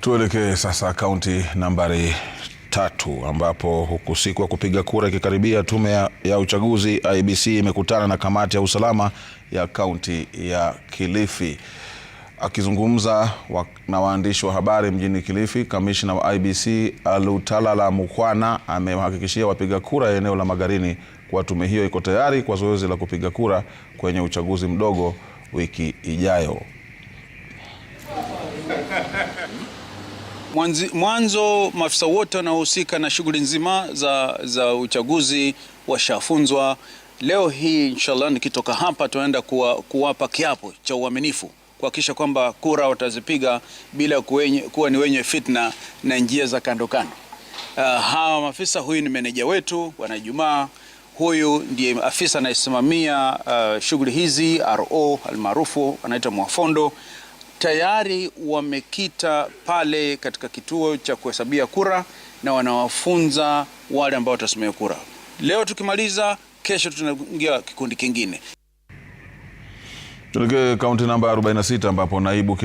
Tuelekee sasa kaunti nambari tatu ambapo huku siku ya kupiga kura ikikaribia, tume ya, ya uchaguzi IEBC imekutana na kamati ya usalama ya kaunti ya Kilifi. Akizungumza wa, na waandishi wa habari mjini Kilifi, kamishna wa IEBC Alutalala Mukwana amewahakikishia wapiga kura eneo la Magarini kuwa tume hiyo iko tayari kwa zoezi la kupiga kura kwenye uchaguzi mdogo wiki ijayo. Mwanzi, mwanzo maafisa wote wanaohusika na shughuli nzima za, za uchaguzi washafunzwa. Leo hii inshallah nikitoka hapa tunaenda kuwa, kuwapa kiapo cha uaminifu kuhakikisha kwamba kura watazipiga bila kuwenye, kuwa ni wenye fitna na njia za kando kando. Uh, hawa maafisa, huyu ni meneja wetu Bwana Jumaa, huyu ndiye afisa anayesimamia uh, shughuli hizi RO almaarufu anaitwa Mwafondo tayari wamekita pale katika kituo cha kuhesabia kura na wanawafunza wale ambao watasomea kura. Leo tukimaliza, kesho tunaingia kikundi kingine. Tuelekee kaunti namba 46 ambapo naibu